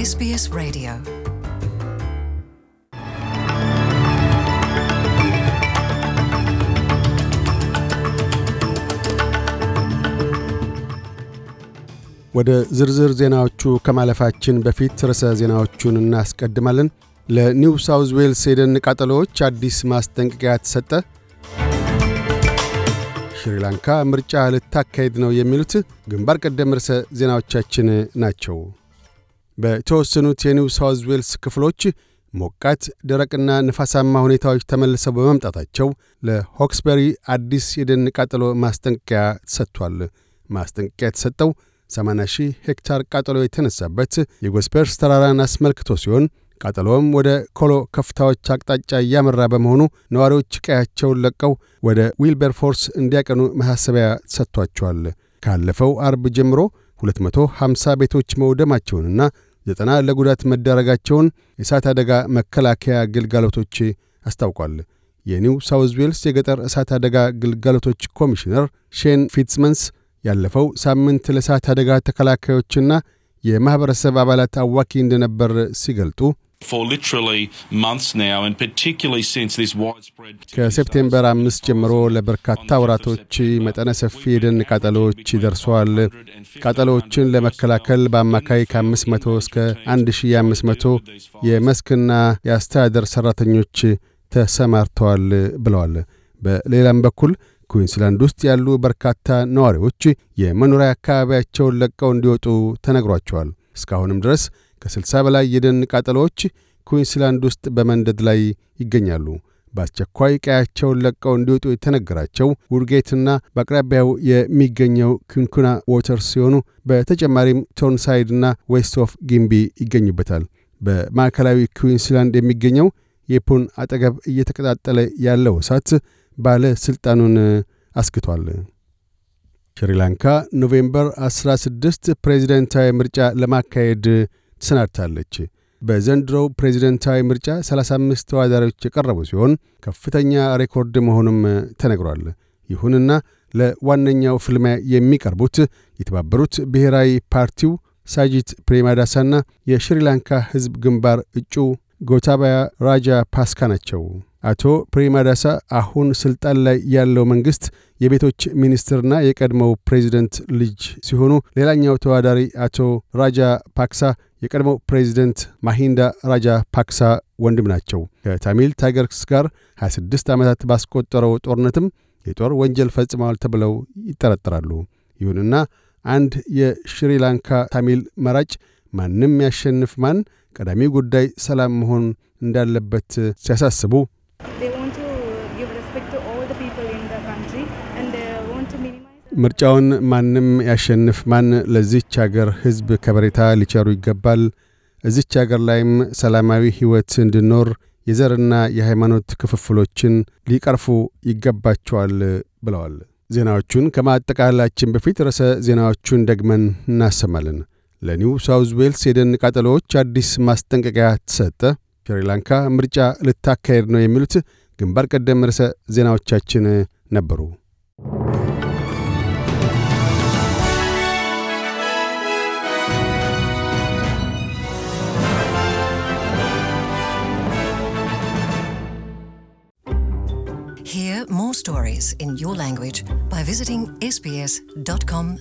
SBS Radio ወደ ዝርዝር ዜናዎቹ ከማለፋችን በፊት ርዕሰ ዜናዎቹን እናስቀድማለን። ለኒው ሳውዝ ዌልስ የደን ቃጠሎዎች አዲስ ማስጠንቀቂያ ተሰጠ። ሽሪላንካ ምርጫ ልታካሄድ ነው የሚሉት ግንባር ቀደም ርዕሰ ዜናዎቻችን ናቸው። በተወሰኑት የኒው ሳውዝ ዌልስ ክፍሎች ሞቃት ደረቅና ነፋሳማ ሁኔታዎች ተመልሰው በመምጣታቸው ለሆክስበሪ አዲስ የደን ቃጠሎ ማስጠንቀቂያ ተሰጥቷል። ማስጠንቀቂያ የተሰጠው 80 ሺህ ሄክታር ቃጠሎ የተነሳበት የጎስፐርስ ተራራን አስመልክቶ ሲሆን ቃጠሎም ወደ ኮሎ ከፍታዎች አቅጣጫ እያመራ በመሆኑ ነዋሪዎች ቀያቸውን ለቀው ወደ ዊልበርፎርስ እንዲያቀኑ ማሳሰቢያ ተሰጥቷቸዋል። ካለፈው አርብ ጀምሮ 250 ቤቶች መውደማቸውንና ዘጠና ለጉዳት መዳረጋቸውን የእሳት አደጋ መከላከያ ግልጋሎቶች አስታውቋል። የኒው ሳውዝ ዌልስ የገጠር እሳት አደጋ ግልጋሎቶች ኮሚሽነር ሼን ፊትስመንስ ያለፈው ሳምንት ለእሳት አደጋ ተከላካዮችና የማኅበረሰብ አባላት አዋኪ እንደነበር ሲገልጡ ከሴፕቴምበር አምስት ጀምሮ ለበርካታ ወራቶች መጠነ ሰፊ የደን ቃጠሎዎች ይደርሰዋል። ቃጠሎዎችን ለመከላከል በአማካይ ከ500 እስከ 1500 የመስክና የአስተዳደር ሠራተኞች ተሰማርተዋል ብለዋል። በሌላም በኩል ኩዊንስላንድ ውስጥ ያሉ በርካታ ነዋሪዎች የመኖሪያ አካባቢያቸውን ለቀው እንዲወጡ ተነግሯቸዋል። እስካሁንም ድረስ ከ60 በላይ የደን ቃጠሎዎች ኩዊንስላንድ ውስጥ በመንደድ ላይ ይገኛሉ። በአስቸኳይ ቀያቸውን ለቀው እንዲወጡ የተነገራቸው ውድጌትና በአቅራቢያው የሚገኘው ኪንኩና ዎተር ሲሆኑ በተጨማሪም ቶርንሳይድና ዌስት ኦፍ ጊምቢ ይገኙበታል። በማዕከላዊ ኩዊንስላንድ የሚገኘው የፑን አጠገብ እየተቀጣጠለ ያለው እሳት ባለ ሥልጣኑን አስክቷል። ሽሪላንካ ኖቬምበር 16 ፕሬዚደንታዊ ምርጫ ለማካሄድ ትሰናድታለች። በዘንድሮው ፕሬዚደንታዊ ምርጫ 35 ተወዳዳሪዎች የቀረቡ ሲሆን ከፍተኛ ሬኮርድ መሆኑም ተነግሯል። ይሁንና ለዋነኛው ፍልሚያ የሚቀርቡት የተባበሩት ብሔራዊ ፓርቲው ሳጂት ፕሬማዳሳና የሽሪላንካ ሕዝብ ግንባር እጩ ጎታባያ ራጃ ፓስካ ናቸው። አቶ ፕሪማዳሳ አሁን ስልጣን ላይ ያለው መንግስት የቤቶች ሚኒስትርና የቀድሞው ፕሬዚደንት ልጅ ሲሆኑ ሌላኛው ተወዳዳሪ አቶ ራጃ ፓክሳ የቀድሞው ፕሬዚደንት ማሂንዳ ራጃ ፓክሳ ወንድም ናቸው። ከታሚል ታይገርስ ጋር 26 ዓመታት ባስቆጠረው ጦርነትም የጦር ወንጀል ፈጽመዋል ተብለው ይጠረጠራሉ። ይሁንና አንድ የሽሪላንካ ታሚል መራጭ ማንም ያሸንፍ ማን ቀዳሚ ጉዳይ ሰላም መሆን እንዳለበት ሲያሳስቡ uh, ምርጫውን ማንም ያሸንፍ ማን ለዚች አገር ሕዝብ ከበሬታ ሊቸሩ ይገባል። እዚች አገር ላይም ሰላማዊ ሕይወት እንዲኖር የዘርና የሃይማኖት ክፍፍሎችን ሊቀርፉ ይገባቸዋል ብለዋል። ዜናዎቹን ከማጠቃላችን በፊት ርዕሰ ዜናዎቹን ደግመን እናሰማለን። ለኒው ሳውዝ ዌልስ የደን ቃጠሎዎች አዲስ ማስጠንቀቂያ ተሰጠ፣ ሽሪላንካ ምርጫ ልታካሄድ ነው የሚሉት ግንባር ቀደም ርዕሰ ዜናዎቻችን ነበሩ። Hear more stories in your language by visiting sbs.com.au.